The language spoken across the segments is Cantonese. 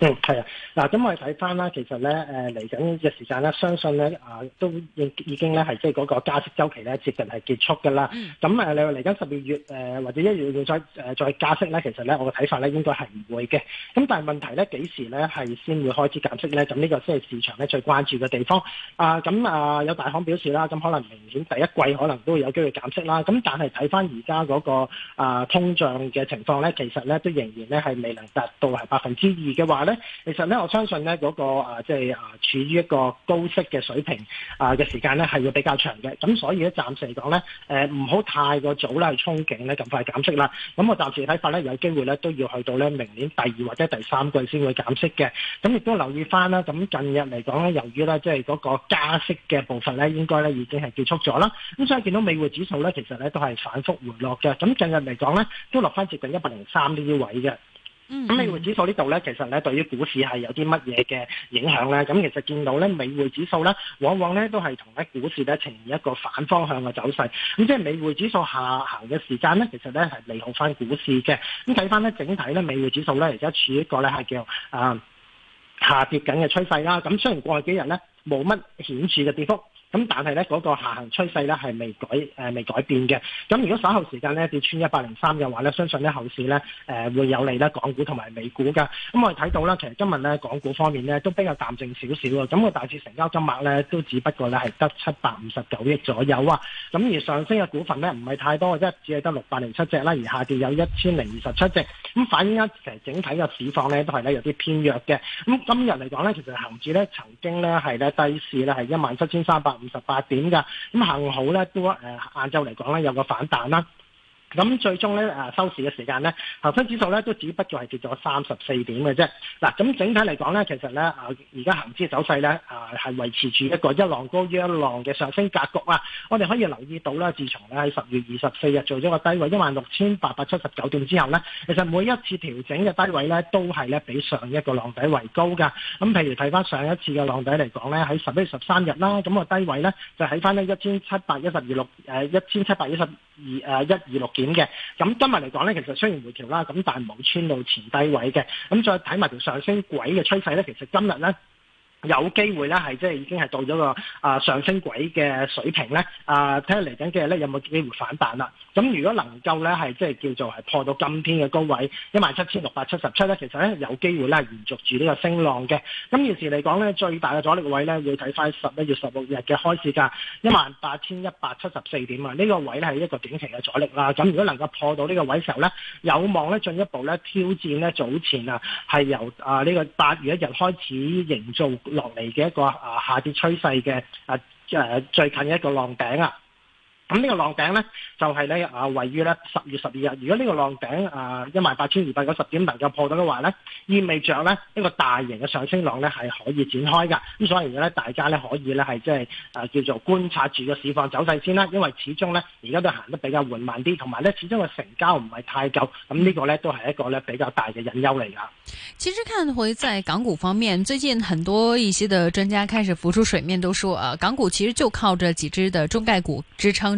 嗯，係啊，嗱，咁我哋睇翻啦，其實咧，誒嚟緊嘅時間咧，相信咧，啊，都已已經咧係即係嗰個加息周期咧接近係結束㗎喇。咁誒、嗯，你話嚟緊十二月誒、呃、或者一月會再誒再加息咧，其實咧我嘅睇法咧應該係唔會嘅。咁但係問題咧幾時咧係先會開始減息咧？咁呢個先係市場咧最關注嘅地方。啊，咁啊有大行表示啦，咁可能明年第一季可能都會有機會減息啦。咁但係睇翻而家嗰個啊通脹嘅情況咧，其實咧都仍然咧係未能達到係百分之二嘅話。其實咧，我相信咧、那個，嗰個啊，即係啊，處於一個高息嘅水平啊嘅時間咧，係會比較長嘅。咁所以咧，暫時嚟講咧，誒唔好太過早咧，去憧憬咧，咁快減息啦。咁我暫時睇法咧，有機會咧都要去到咧明年第二或者第三季先會減息嘅。咁亦都留意翻啦。咁近日嚟講咧，由於咧即係嗰個加息嘅部分咧，應該咧已經係結束咗啦。咁所以見到美匯指數咧，其實咧都係反覆回落嘅。咁近日嚟講咧，都落翻接近一百零三呢啲位嘅。咁美匯指數呢度咧，其實咧對於股市係有啲乜嘢嘅影響咧？咁其實見到咧美匯指數咧，往往咧都係同咧股市咧呈現一個反方向嘅走勢。咁即係美匯指數下行嘅時間咧，其實咧係利好翻股市嘅。咁睇翻咧整體咧，美匯指數咧而家處於一個咧係叫啊下跌緊嘅趨勢啦。咁雖然過去幾日咧冇乜顯著嘅跌幅。咁但係咧嗰個下行趨勢咧係未改未改變嘅。咁如果稍後時間咧跌穿一百零三嘅話咧，相信咧後市咧誒會有利咧港股同埋美股噶。咁我哋睇到啦，其實今日咧港股方面咧都比較淡靜少少啊。咁個大市成交金額咧都只不過咧係得七百五十九億左右啊。咁而上升嘅股份咧唔係太多即係只係得六百零七隻啦，而下跌有一千零二十七隻。咁反映一成整體嘅市況咧都係咧有啲偏弱嘅。咁今日嚟講咧，其實恒指咧曾經咧係咧低市咧係一萬七千三百。五十八點噶，咁幸好咧都誒晏晝嚟講咧，有個反彈啦。咁最終咧，誒、啊、收市嘅時間咧，恒生指數咧都只不過係跌咗三十四點嘅啫。嗱，咁整體嚟講咧，其實咧，誒而家恒指嘅走勢咧，誒係維持住一個一浪高於一浪嘅上升格局啊。我哋可以留意到咧，自從咧喺十月二十四日做咗個低位一萬六千八百七十九點之後咧，其實每一次調整嘅低位咧，都係咧比上一個浪底為高嘅。咁譬如睇翻上一次嘅浪底嚟講咧，喺十一月十三日啦，咁、那個低位咧就喺翻呢一千七百一十二六，誒一千七百一十二，誒一二六點嘅。咁今日嚟講咧，其實雖然回調啦，咁但係冇穿到前低位嘅。咁再睇埋條上升軌嘅趨勢咧，其實今日咧。有機會咧，係即係已經係到咗個啊上升軌嘅水平咧。啊，睇下嚟緊幾日咧有冇機會反彈啦？咁如果能夠咧係即係叫做係破到今天嘅高位一萬七千六百七十七咧，17, 7, 其實咧有機會咧係延續住呢個升浪嘅。咁現時嚟講咧，最大嘅阻力位咧要睇翻十一月十六日嘅開市價一萬八千一百七十四點啊。呢個位咧係一個短期嘅阻力啦。咁如果能夠破到呢個位的時候咧，有望咧進一步咧挑戰咧早前啊係由啊呢個八月一日開始營造落嚟嘅一個啊下跌趨勢嘅，啊即係最近一個浪頂啊。咁呢個浪頂咧，就係咧啊，位於咧十月十二日。如果呢個浪頂啊一萬八千二百九十點能夠破到嘅話咧，意味着咧一個大型嘅上升浪咧係可以展開嘅。咁所以而家咧，大家咧可以咧係即係啊叫做觀察住個市況走勢先啦。因為始終咧而家都行得比較緩慢啲，同埋咧始終個成交唔係太夠，咁呢個咧都係一個咧比較大嘅隱憂嚟噶。其實看回在港股方面，最近很多一些的專家開始浮出水面，都說啊，港股其實就靠着幾支的中概股支撐。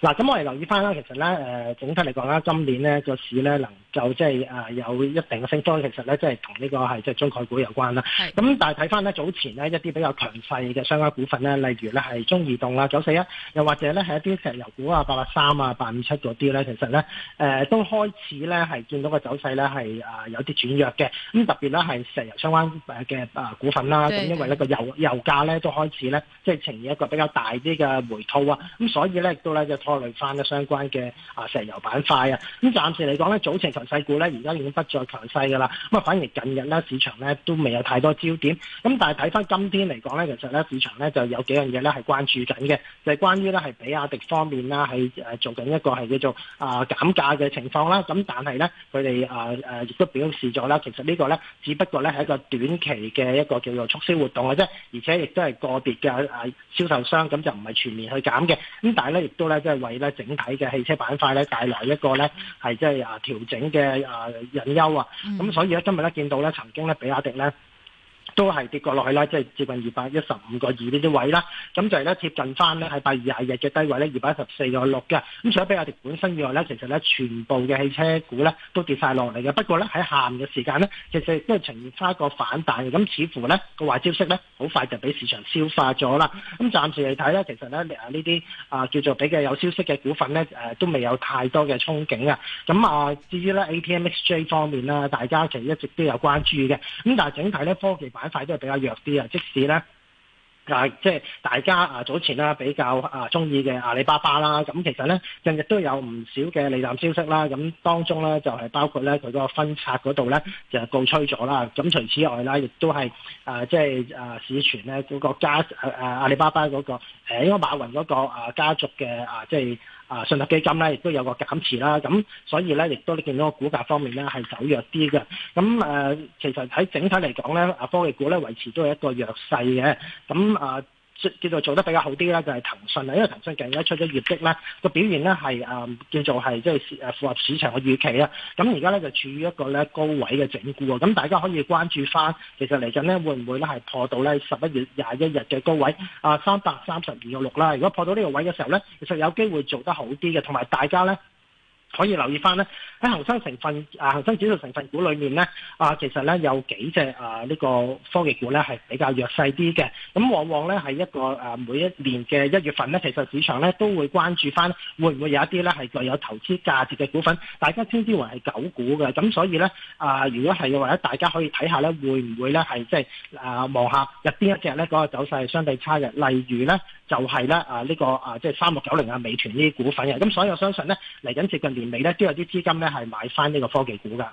嗱，咁、嗯、我哋留意翻啦，其實咧，誒、呃，總體嚟講啦，今年呢個市咧能夠即係誒有一定嘅升漲，其實咧即係同呢個係即係中概股有關啦。咁的但係睇翻咧早前呢一啲比較強勢嘅相關股份咧，例如咧係中移動啦、九四一，又或者咧係一啲石油股啊、八八三啊、八五七嗰啲咧，其實咧誒、呃、都開始咧係見到個走勢咧係誒有啲轉弱嘅。咁特別咧係石油相關嘅誒股份啦，咁的因為呢個油油價咧都開始咧即係呈現一個比較大啲嘅回吐啊，咁所以咧亦都就拖累翻嘅相關嘅啊石油板塊啊，咁暫時嚟講咧，早前強勢股咧，而家已經不再強勢噶啦，咁啊反而近日咧，市場咧都未有太多焦點，咁但係睇翻今天嚟講咧，其實咧市場咧就有幾樣嘢咧係關注緊嘅，就係關於咧係比亞迪方面啦，係誒做緊一個係叫做啊減價嘅情況啦，咁但係咧佢哋啊誒亦都表示咗啦，其實呢個咧只不過咧係一個短期嘅一個叫做促銷活動嘅啫，而且亦都係個別嘅誒銷售商咁就唔係全面去減嘅，咁但係咧。都咧，即係為咧整體嘅汽車板塊咧帶來一個咧，係即係啊調整嘅啊隱憂啊。咁所以咧，今日咧見到咧，曾經咧比亞迪咧。都係跌過落去啦，即係接近二百一十五個二呢啲位啦。咁就係咧接近翻咧係百二廿日嘅低位咧，二百一十四個六嘅。咁除咗比亞迪本身以外咧，其實咧全部嘅汽車股咧都跌晒落嚟嘅。不過咧喺下午嘅時間咧，其實都係呈現翻一個反彈嘅，咁似乎咧個壞消息咧好快就俾市場消化咗啦。咁暫時嚟睇咧，其實咧啊呢啲啊叫做比較有消息嘅股份咧誒都未有太多嘅憧憬啊。咁啊至於咧 ATMXJ 方面咧，大家其實一直都有關注嘅。咁但係整體咧科技板。快都係比較弱啲啊，即使咧啊，即係大家啊早前啦比較啊鍾意嘅阿里巴巴啦，咁、啊、其實咧近日都有唔少嘅利淡消息啦。咁、啊、當中咧就係、是、包括咧佢個分拆嗰度咧就告吹咗啦。咁、啊、除此之外啦，亦都係啊，即係啊，市傳咧嗰個家啊阿里巴巴嗰、那個誒，因為馬雲嗰個啊家族嘅啊即係。啊，信達基金咧，亦都有個減持啦，咁所以咧，亦都你見到個股價方面咧係走弱啲嘅，咁誒，啊，其實喺整體嚟講咧，啊科技股咧維持都係一個弱勢嘅，咁啊。叫做做得比較好啲啦，就係騰訊啦，因為騰訊近日出咗業績啦，個表現咧係誒叫做係即係誒符合市場嘅預期啊。咁而家咧就處於一個咧高位嘅整固啊。咁大家可以關注翻，其實嚟緊咧會唔會咧係破到咧十一月廿一日嘅高位啊三百三十二個六啦。6，如果破到呢個位嘅時候咧，其實有機會做得好啲嘅，同埋大家咧，可以留意翻呢，喺恒生成分啊、恒生指數成分股裏面呢，啊，其實呢有幾隻啊呢個科技股呢係比較弱勢啲嘅。咁往往呢係一個、啊、每一年嘅一月份呢，其實市場呢都會關注翻會唔會有一啲呢係具有投資價值嘅股份，大家稱之為係九股嘅。咁所以呢，啊，如果係嘅話呢，大家可以睇下呢會唔會呢係即係啊望下入邊一隻呢嗰個走勢係相對差嘅。例如呢就係呢啊呢個啊即係三六九零啊、美團呢啲股份嘅。咁所以我相信呢嚟緊接近。而嚟咧都有啲資金咧係買翻呢個科技股噶。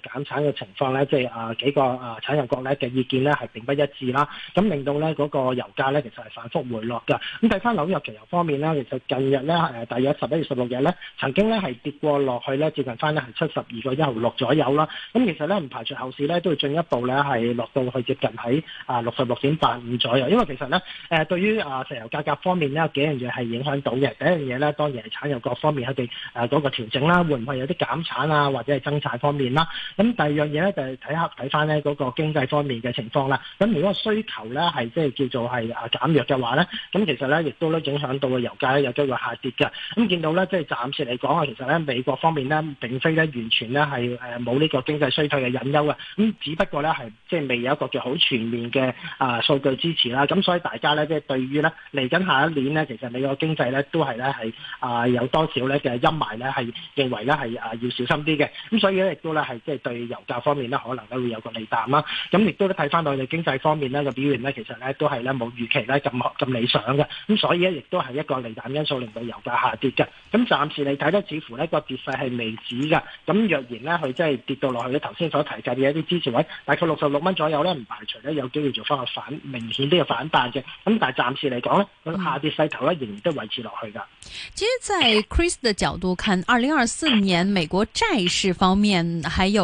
減產嘅情況咧，即係啊幾個啊產油國咧嘅意見咧係並不一致啦，咁令到咧嗰個油價咧其實係反復回落嘅。咁睇翻紐約期油方面咧，其實近日咧係大約十一月十六日咧，曾經咧係跌過落去咧接近翻咧係七十二個一毫六左右啦。咁其實咧唔排除後市咧都會進一步咧係落到去接近喺啊六十六點八五左右。因為其實咧誒對於啊石油價格方面呢，有幾樣嘢係影響到嘅。第一樣嘢咧當然係產油國方面佢哋誒嗰個調整啦，會唔會有啲減產啊或者係增產方面啦？咁第二樣嘢咧就係睇下睇翻咧嗰個經濟方面嘅情況啦。咁如果需求咧係即係叫做係啊減弱嘅話咧，咁其實咧亦都咧影響到個油價咧有機會下跌嘅。咁見到咧即係暫時嚟講啊，其實咧美國方面咧並非咧完全咧係誒冇呢個經濟衰退嘅隱憂嘅。咁只不過咧係即係未有一個叫好全面嘅啊數據支持啦。咁所以大家咧即係對於咧嚟緊下一年咧，其實美國經濟咧都係咧係啊有多少咧嘅陰霾咧係認為咧係啊要小心啲嘅。咁所以咧亦都咧係即係。對油價方面咧，可能咧會有個利淡啦。咁亦都睇翻內地經濟方面咧嘅表現呢，其實呢都係咧冇預期呢咁咁理想嘅。咁所以呢，亦都係一個利淡因素令到油價下跌嘅。咁暫時嚟睇呢，似乎呢個跌勢係未止嘅。咁若然呢，佢真係跌到落去咧，頭先所提及嘅一啲支持位，大概六十六蚊左右呢，唔排除呢有機會做翻個反明顯啲嘅反彈嘅。咁但係暫時嚟講咧，個下跌勢頭呢，仍然都維持落去噶。其實，在 Chris 嘅角度看，二零二四年美國債市方面，還有。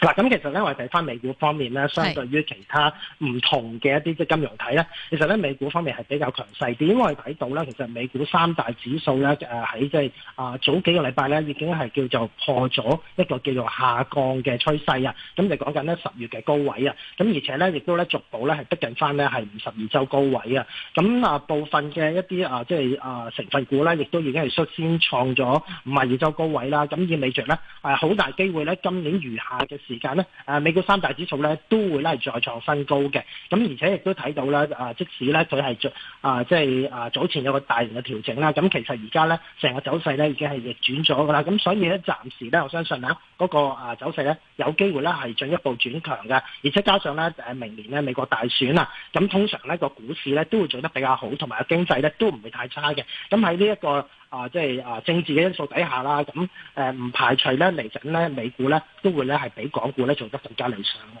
嗱，咁其實咧，我哋睇翻美股方面咧，相對於其他唔同嘅一啲即係金融體咧，其實咧美股方面係比較強勢啲，因為我哋睇到咧，其實美股三大指數咧，喺即係啊早幾個禮拜咧，已經係叫做破咗一個叫做下降嘅趨勢啊，咁就講緊咧十月嘅高位啊，咁而且咧亦都咧逐步咧係逼近翻咧係五十二週高位啊，咁啊部分嘅一啲啊即係啊成分股咧，亦都已經係率先創咗五十二週高位啦，咁意味着咧好大機會咧，今年餘下嘅時間咧、啊，美國三大指數咧都會咧係再創新高嘅，咁、啊、而且亦都睇到啦、啊、即使咧佢係進，啊即係、就是、啊早前有個大型嘅調整啦，咁、啊、其實而家咧成個走勢咧已經係逆轉咗噶啦，咁、啊、所以咧暫時咧我相信啦嗰、那個啊走勢咧有機會咧係進一步轉強嘅，而且加上咧明年咧美國大選啦，咁、啊、通常咧個股市咧都會做得比較好，同埋經濟咧都唔會太差嘅，咁喺呢一個，啊，即係啊，政治嘅因素底下啦，咁誒唔排除咧嚟緊咧美股咧都會咧係比港股咧做得更加理想嘅。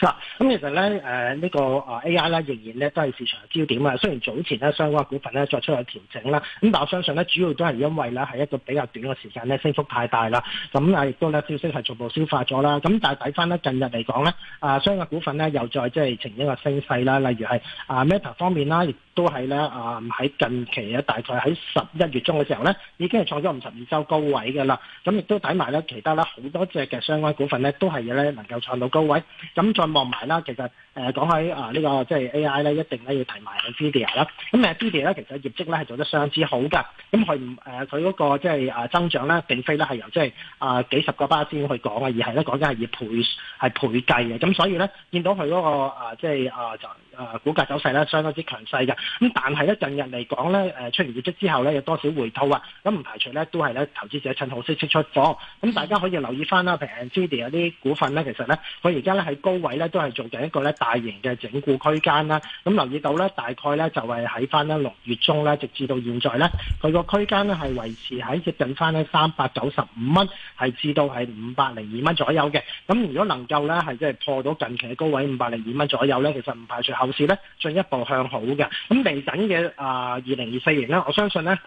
嗱，咁其實咧，誒呢個啊 AI 呢，這個、AI 仍然咧都係市場的焦點啊。雖然早前咧相關股份咧作出咗調整啦，咁但我相信咧主要都係因為咧係一個比較短嘅時間咧升幅太大啦，咁啊亦都咧消息係逐步消化咗啦。咁但係睇翻咧近日嚟講咧，啊相關股份咧又再即係呈一個升勢啦，例如係啊 Meta 方面啦。都係咧啊！喺近期大概喺十一月中嘅時候咧，已經係創咗五十二周高位嘅啦。咁亦都抵埋咧，其他咧好多隻嘅相關股份咧，都係咧能夠創到高位。咁再望埋啦，其實誒講喺啊呢、這個即係 A.I. 咧，一定咧要提埋喺 Nvidia 啦。咁誒，Nvidia 咧，其實業績咧係做得相之好嘅。咁佢唔誒，佢、呃、嗰、那個即係、就是、啊增長咧，並非咧係由即、就、係、是、啊幾十個巴 e 去講啊，而係咧講緊係以倍係倍計嘅。咁所以咧，見到佢嗰、那個啊即係、就是、啊就。誒股價走勢咧相當之強勢嘅，咁但係咧近日嚟講咧誒出完業績之後咧有多少回吐啊。咁唔排除咧都係咧投資者趁好息息出貨。咁大家可以留意翻啦，譬如 Nvidia 啲股份咧，其實咧佢而家咧喺高位咧都係做緊一個咧大型嘅整固區間啦。咁留意到咧大概咧就係喺翻咧六月中咧直至到現在咧，佢個區間咧係維持喺接近翻咧三百九十五蚊，係至到係五百零二蚊左右嘅。咁如果能夠咧係即係破到近期嘅高位五百零二蚊左右咧，其實唔排除後。是咧進一步向好嘅，咁嚟緊嘅啊，二零二四年咧，我相信咧，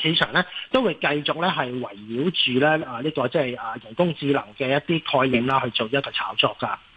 市場咧都會繼續咧係圍繞住咧啊呢個即係啊人工智能嘅一啲概念啦，去做一個炒作噶。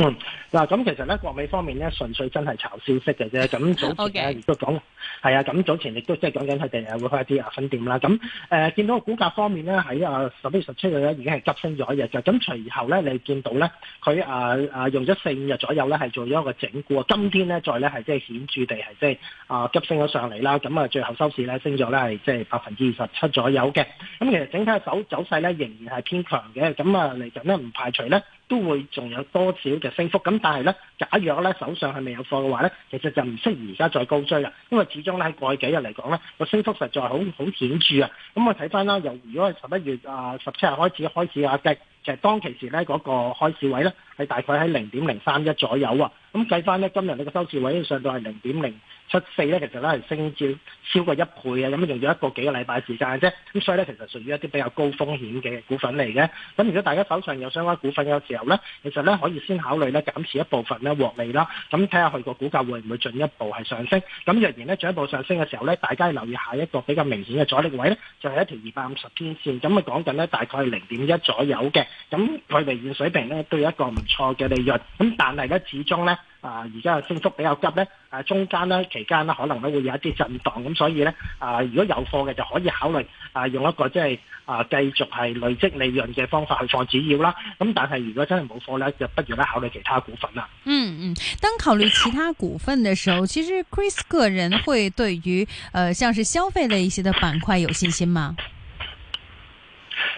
嗯，嗱，咁其實咧，國美方面咧，純粹真係炒消息嘅啫。咁早前咧亦都講，係啊，咁早前亦都即係講緊佢哋啊會開一啲啊分店啦。咁誒，見到個股價方面咧，喺啊十一月十七日咧已經係急升咗一日嘅。咁隨後咧，你見到咧，佢啊啊用咗四五日左右咧，係做咗一個整固啊。今天咧再咧係即係顯著地係即係啊急升咗上嚟啦。咁啊最後收市咧升咗咧係即係百分之二十七左右嘅。咁其實整體嘅走走勢咧仍然係偏強嘅。咁啊嚟講嚟緊咧唔排除咧。都會仲有多少嘅升幅？咁但係呢，假若呢手上係未有貨嘅話呢，其實就唔適宜而家再高追啦。因為始終呢，喺過去幾日嚟講呢，個升幅實在好好顯著啊！咁、嗯、我睇翻啦，由如果係十一月啊十七日開始開始壓低。其實當其時咧，嗰個開市位咧係大概喺零點零三一左右啊。咁計翻咧，今日呢個收市位上到係零點零七四咧，其實咧係升至超過一倍啊。咁啊，用咗一個幾個禮拜時間嘅啫。咁所以咧，其實屬於一啲比較高風險嘅股份嚟嘅。咁如果大家手上有相關股份嘅時候咧，其實咧可以先考慮咧減持一部分咧獲利啦。咁睇下佢個股價會唔會進一步係上升。咁若然咧進一步上升嘅時候咧，大家留意下一個比較明顯嘅阻力位咧，就係一條二百五十天線。咁啊講緊咧，大概係零點一左右嘅。咁佢哋現水平咧都有一個唔錯嘅利潤，咁但係而家始終咧啊，而家嘅升幅比較急咧，啊中間咧期間咧可能咧會有一啲震盪，咁所以咧啊，如果有貨嘅就可以考慮啊用一個即係啊繼續係累積利潤嘅方法去放止要啦，咁但係如果真係冇貨咧，就不如咧考慮其他股份啦。嗯嗯，當考慮其他股份嘅時候，其實 Chris 個人會對於誒、呃，像是消費類一些的板塊有信心嗎？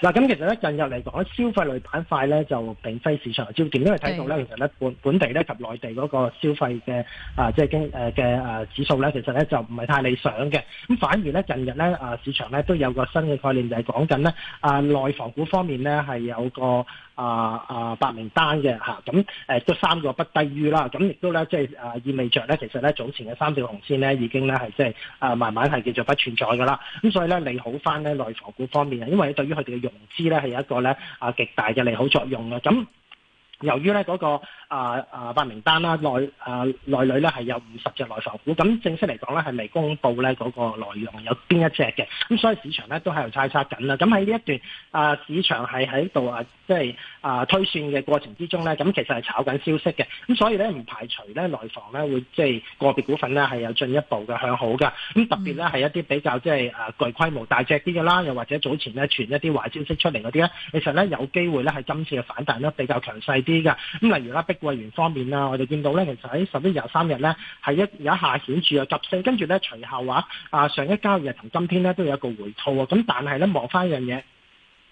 嗱，咁其實咧，近日嚟講咧，消費類板塊咧就並非市場嘅焦點，因為睇到咧，其實咧本本地咧及內地嗰個消費嘅啊，即係經誒嘅指數咧，其實咧就唔係太理想嘅。咁反而咧，近日咧啊，市場咧都有個新嘅概念，就係講緊咧啊，內房股方面咧係有個。啊啊白名單嘅嚇，咁、啊、誒、啊、都三個不低於啦，咁、啊、亦都咧即係誒意味着咧，其實咧早前嘅三條紅線咧已經咧係即係啊慢慢係叫做不存在噶啦，咁所以咧利好翻咧內房股方面，因為對於佢哋嘅融資咧係有一個咧啊極大嘅利好作用啦。咁、啊、由於咧嗰、那個啊啊白名單啦內啊內裏咧係有五十隻內房股，咁、啊、正式嚟講咧係未公布咧嗰、那個內容有邊一隻嘅，咁、啊、所以市場咧都喺度猜測緊啦。咁喺呢一段啊市場係喺度啊。即係啊推算嘅過程之中咧，咁其實係炒緊消息嘅，咁所以咧唔排除咧內房咧會即係個別股份咧係有進一步嘅向好噶，咁特別咧係一啲比較即係啊巨規模大隻啲嘅啦，又或者早前咧傳一啲壞消息出嚟嗰啲咧，其實咧有機會咧係今次嘅反彈咧比較強勢啲嘅，咁例如咧碧桂園方面啦，我哋見到咧其實喺十一廿三日咧係一有一下顯著嘅急升，跟住咧隨後話啊，啊上一交易日同今天咧都有一個回吐啊，咁但係咧望翻一樣嘢。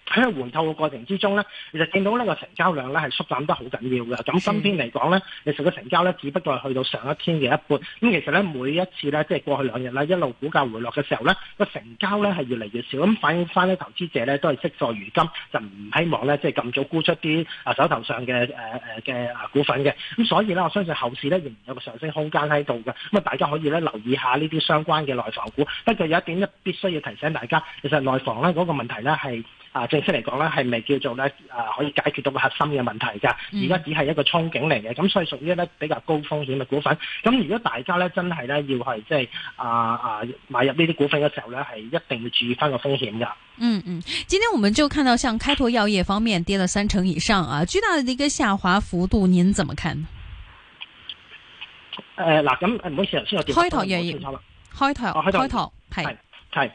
喺回購嘅過程之中呢，其實見到呢個成交量呢係縮減得好緊要嘅。咁今天嚟講呢，其實個成交呢只不過係去到上一天嘅一半。咁其實呢，每一次呢，即係過去兩日呢一路股價回落嘅時候呢，個成交呢係越嚟越少。咁反映翻呢投資者呢都係惜售，如今就唔希望呢即係咁早沽出啲啊手頭上嘅誒誒嘅股份嘅。咁所以呢，我相信後市呢仍然有上升空間喺度嘅。咁啊，大家可以呢留意下呢啲相關嘅內房股。不過有一點呢，必須要提醒大家，其實內房呢嗰個問題呢係。.啊！正式嚟講咧，係咪叫做咧啊，可以解決到個核心嘅問題噶。而家只係一個憧憬嚟嘅，咁所以屬於咧比較高風險嘅股份。咁如果大家咧真係咧要係即係啊啊買入呢啲股份嘅時候咧，係一定要注意翻個風險噶。嗯嗯，今天我們就看到，像開拓藥業方面跌了三成以上啊，巨大的一個下滑幅度，您怎麼看？誒嗱、嗯，咁唔好意思，頭、嗯、先我開拓藥業、啊開，開拓、哦、開拓係係。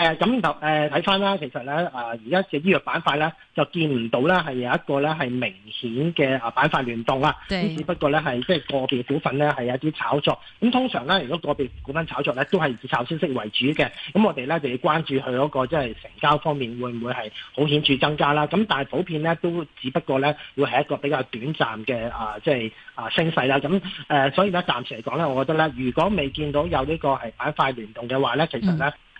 誒咁、呃、就誒睇翻啦，其實咧啊，而家嘅醫藥板塊咧，就見唔到咧係有一個咧係明顯嘅啊板塊聯動啦。對只不過咧係即係個別股份咧係有啲炒作。咁通常咧，如果個別股份炒作咧，都係以炒消息為主嘅。咁我哋咧就要關注佢嗰、那個即係、就是、成交方面會唔會係好顯著增加啦。咁但係普遍咧都只不過咧會係一個比較短暫嘅啊，即、就、係、是、啊升勢啦。咁誒、呃，所以咧暫時嚟講咧，我覺得咧，如果未見到有呢個係板塊聯動嘅話咧，其實咧。嗯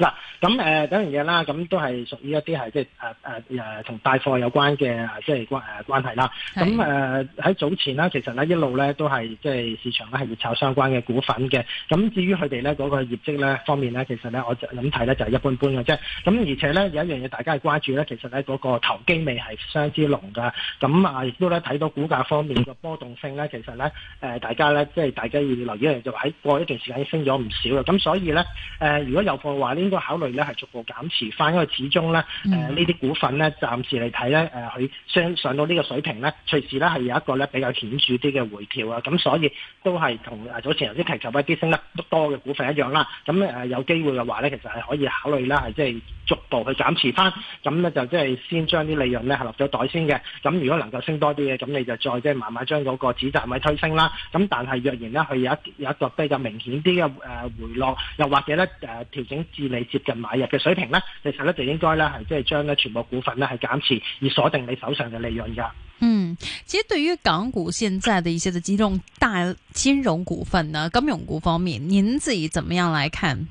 嗱，咁誒，一樣嘢啦，咁都係屬於一啲係即係誒同帶貨有關嘅，即係關誒關係啦。咁誒喺早前啦，其實呢一路咧都係即係市場咧係熱炒相關嘅股份嘅。咁至於佢哋咧嗰個業績咧方面咧，其實咧我就諗睇咧就係一般般嘅啫。咁而且咧有一樣嘢大家係關注咧，其實咧嗰、那個投機味係相之濃噶。咁啊亦都咧睇到股價方面嘅波動性咧，其實咧、呃、大家咧即係大家要留意咧，就喺過一段時間已經升咗唔少啦。咁所以咧、呃、如果有貨嘅話呢都考慮咧，係逐步減持翻，因為始終咧，誒呢啲股份咧，暫時嚟睇咧，誒、呃、佢上上到呢個水平咧，隨時咧係有一個咧比較顯著啲嘅回調啊。咁所以都係同早前頭先提及嘅一啲升得多嘅股份一樣啦。咁誒有機會嘅話咧，其實係可以考慮啦，係即係逐步去減持翻。咁咧就即係先將啲利潤咧係落咗袋先嘅。咁如果能夠升多啲嘅，咁你就再即係慢慢將嗰個止蝕位推升啦。咁但係若然咧，佢有一有一個比較明顯啲嘅誒回落，又或者咧誒調整市嚟。接近買入嘅水平呢，其實咧就應該咧係即係將呢全部股份呢，係減持，而鎖定你手上嘅利潤噶。嗯，其實對於港股現在的一些的幾大金融股份呢，金融股方面，您自己怎麼樣來看？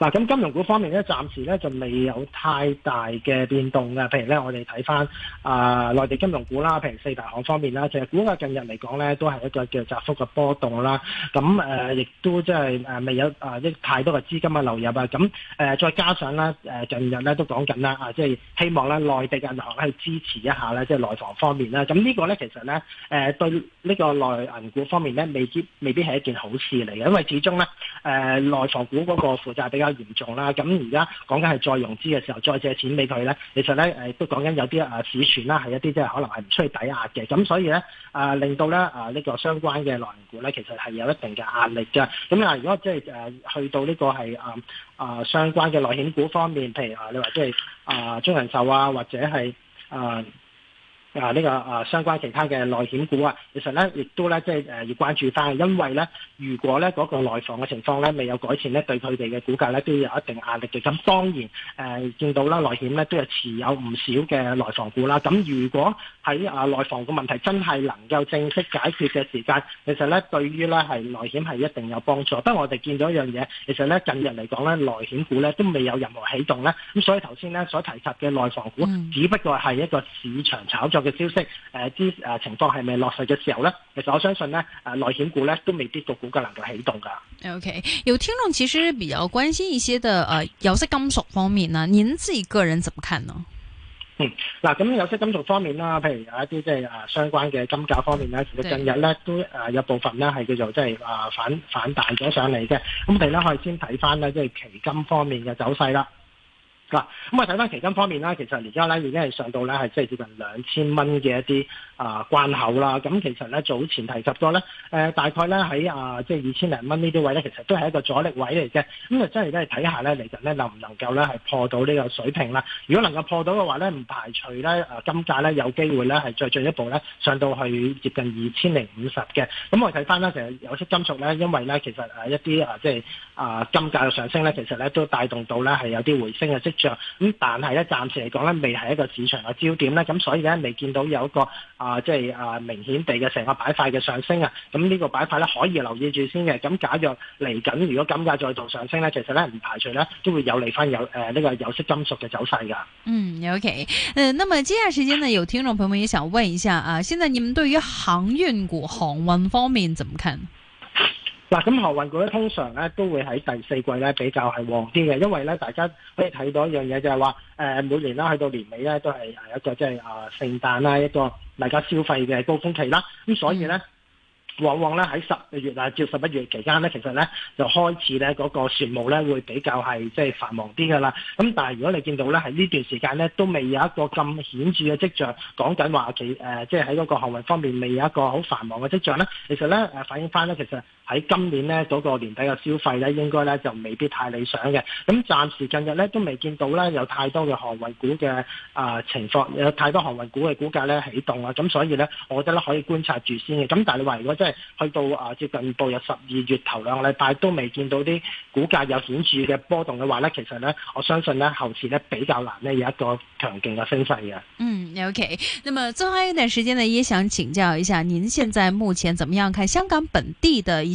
嗱，咁金融股方面咧，暫時咧就未有太大嘅變動嘅。譬如咧，我哋睇翻啊，內地金融股啦，譬如四大行方面啦，其實股嘅近日嚟講咧，都係一個叫窄幅嘅波動啦。咁誒，亦、呃、都即係未有誒、呃、太多嘅資金嘅流入啊。咁、呃、再加上咧近日咧都講緊啦啊，即、就、係、是、希望咧內地嘅銀行去支持一下咧，即、就、係、是、內房方面啦。咁呢個咧其實咧、呃、對呢個內銀股方面咧，未必未必係一件好事嚟嘅，因為始終咧誒、呃、內房股嗰個負債比較嚴重啦，咁而家講緊係再融資嘅時候，再借錢俾佢咧，其實咧誒都講緊有啲誒市傳啦，係一啲即係可能係唔需要抵押嘅，咁所以咧令到咧呢個相關嘅內銀股咧，其實係有一定嘅壓力嘅。咁嗱，如果即係去到呢個係、啊啊、相關嘅內險股方面，譬如、就是、啊，你話即係啊中人壽啊，或者係啊，呢個啊相關其他嘅內險股啊，其實咧亦都咧即係誒要關注翻，因為咧如果咧嗰個內房嘅情況咧未有改善咧，對佢哋嘅股價咧都有一定壓力嘅。咁當然誒見到啦，內險咧都有持有唔少嘅內房股啦。咁如果喺啊內房嘅問題真係能夠正式解決嘅時間，其實咧對於咧係內險係一定有幫助。不過我哋見到一樣嘢，其實咧近日嚟講咧內險股咧都未有任何起動咧，咁所以頭先咧所提及嘅內房股，嗯，只不過係一個市場炒作。嘅消息，誒、呃，之誒、呃、情況係咪落實嘅時候咧？其實我相信咧，誒、呃，內險股咧都未必到股價能夠啟動噶。OK，有聽眾其實比較關心一些嘅誒、呃、有色金屬方面呢，您自己個人怎麼看呢？嗯，嗱、嗯，咁有色金屬方面啦，譬如有一啲即係誒相關嘅金價方面咧，其實近日咧對都誒有一部分咧係叫做即係話反反彈咗上嚟嘅，咁我哋咧可以先睇翻咧即係期金方面嘅走勢啦。嗱，咁啊睇翻期金方面啦，其實而家咧已經係上到咧係即係接近兩千蚊嘅一啲啊關口啦。咁其實咧早前提及咗咧，大概咧喺啊即係二千零蚊呢啲位咧，其實都係一個阻力位嚟嘅。咁啊，即係睇下咧其實咧能唔能夠咧係破到呢個水平啦？如果能夠破到嘅話咧，唔排除咧金價咧有機會咧係再進一步咧上到去接近二千零五十嘅。咁我哋睇翻咧，其實有色金屬咧，因為咧其實一啲啊即係啊金價嘅上升咧，其實咧都帶動到咧係有啲回升嘅咁但係咧，暫時嚟講咧，未係一個市場嘅焦點啦。咁所以咧，未見到有一個啊、呃，即係啊、呃，明顯地嘅成個板塊嘅上升啊。咁呢個板塊咧，可以留意住先嘅。咁假若嚟緊如果金價再度上升咧，其實咧唔排除咧，都會有利翻有誒呢、呃這個有色金屬嘅走勢嘅。嗯，OK。誒，那麼接下來時間呢，有聽眾朋友們也想問一下啊，現在你們對於航運股、航運方面怎麼看？嗱，咁航運局咧通常咧都會喺第四季咧比較係旺啲嘅，因為咧大家可以睇到一樣嘢就係話、呃，每年啦，去到年尾咧都係誒一個即係啊聖誕啦，一個大家消費嘅高峰期啦，咁所以咧往往咧喺十月啊至十一月期間咧，其實咧就開始咧嗰、嗰個船務咧會比較係即係繁忙啲嘅啦。咁但係如果你見到咧喺呢段時間咧都未有一個咁顯著嘅跡象，講緊話即係喺嗰個航運方面未有一個好繁忙嘅跡象咧，其實咧反映翻咧其實。喺今年呢嗰、那個年底嘅消費呢，應該呢就未必太理想嘅。咁暫時近日呢都未見到呢有太多嘅航運股嘅啊、呃、情況，有太多航運股嘅股價呢起動啊。咁所以呢，我覺得呢可以觀察住先嘅。咁但係你話如果真係去到啊接近步入十二月頭兩個禮拜都未見到啲股價有顯著嘅波動嘅話呢，其實呢，我相信呢後市呢比較難呢有一個強勁嘅升勢嘅。嗯，OK。咁啊，最後一段時間呢，也想請教一下您，現在目前點樣看香港本地嘅一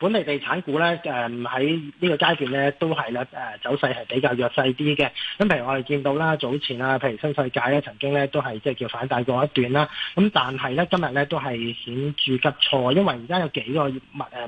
本地地產股咧，誒喺呢個階段咧都係啦，誒走勢係比較弱勢啲嘅。咁譬如我哋見到啦，早前啊，譬如新世界咧曾經咧都係即係叫反彈過一段啦。咁但係咧今日咧都係顯著急挫，因為而家有幾個物誒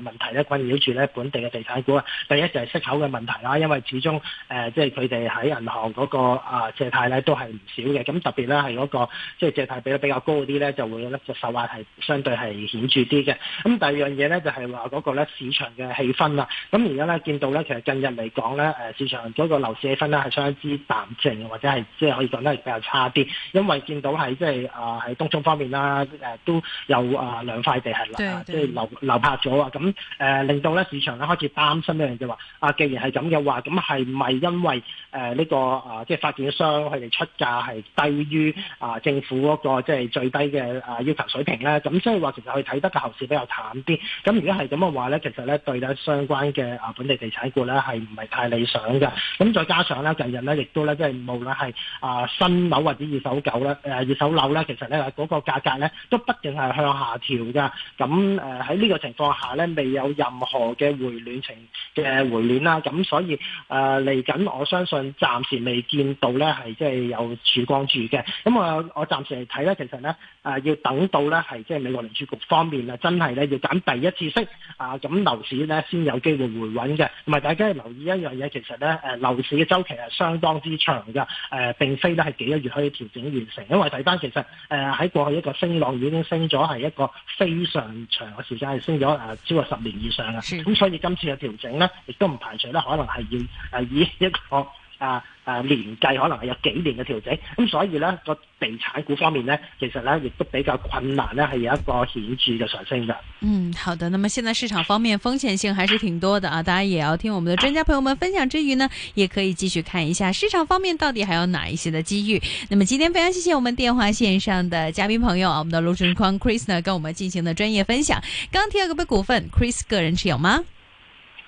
問題咧困擾住咧本地嘅地產股啊。第一就係息口嘅問題啦，因為始終誒即係佢哋喺銀行嗰個啊借貸咧都係唔少嘅。咁特別咧係嗰個即係、就是、借貸比較比較高嗰啲咧就會咧就受壓係相對係顯著啲嘅。咁第二樣嘢咧就係話嗰個咧。市場嘅氣氛啦，咁而家咧見到咧，其實近日嚟講咧，誒市場嗰個樓市氣氛咧係相當之淡靜，或者係即係可以講得係比較差啲，因為見到喺即係啊喺東涌方面啦，誒、啊、都有啊兩塊地係即係流流拍咗啊，咁、就、誒、是啊、令到咧市場咧開始擔心一樣嘢，就話啊，既然係咁嘅話，咁係咪因為誒呢、啊這個啊即係發展商佢哋出價係低於啊政府嗰、那個即係最低嘅啊要求水平咧？咁所以話其實佢睇得嘅後市比較淡啲。咁如果係咁嘅話咧，其其實咧對咧相關嘅啊本地地產股咧係唔係太理想嘅？咁再加上咧近日咧亦都咧即係無論係啊新樓或者二手舊咧誒二手樓咧，其實咧嗰個價格咧都不斷係向下調嘅。咁誒喺呢個情況下咧，未有任何嘅回暖情嘅回暖啦。咁所以誒嚟緊，我相信暫時未見到咧係即係有曙光住嘅。咁啊，我暫時嚟睇咧，其實咧誒要等到咧係即係美國聯儲局方面啊，真係咧要減第一次息啊咁。樓市咧先有機會回穩嘅，同埋大家留意一樣嘢，其實咧誒樓市嘅周期係相當之長嘅，誒、呃、並非咧係幾個月可以調整完成，因為第單其實誒喺、呃、過去一個升浪已經升咗係一個非常長嘅時間，係升咗誒、呃、超過十年以上啊，咁所以今次嘅調整咧亦都唔排除咧可能係要誒以一個。啊啊，年、啊、計可能係有幾年嘅調整，咁、嗯、所以呢個地產股方面呢，其實呢亦都比較困難呢係有一個顯著嘅上升嘅。嗯，好的，那麼現在市場方面風險性還是挺多的啊，大家也要聽我們的專家朋友們分享之餘呢，也可以繼續看一下市場方面到底還有哪一些的機遇。那麼今天非常謝謝我們電話線上的嘉賓朋友啊，我們的盧駿匡 Chris 呢，跟我們進行的專業分享。鋼鐵嗰個股份，Chris 個人持有嗎？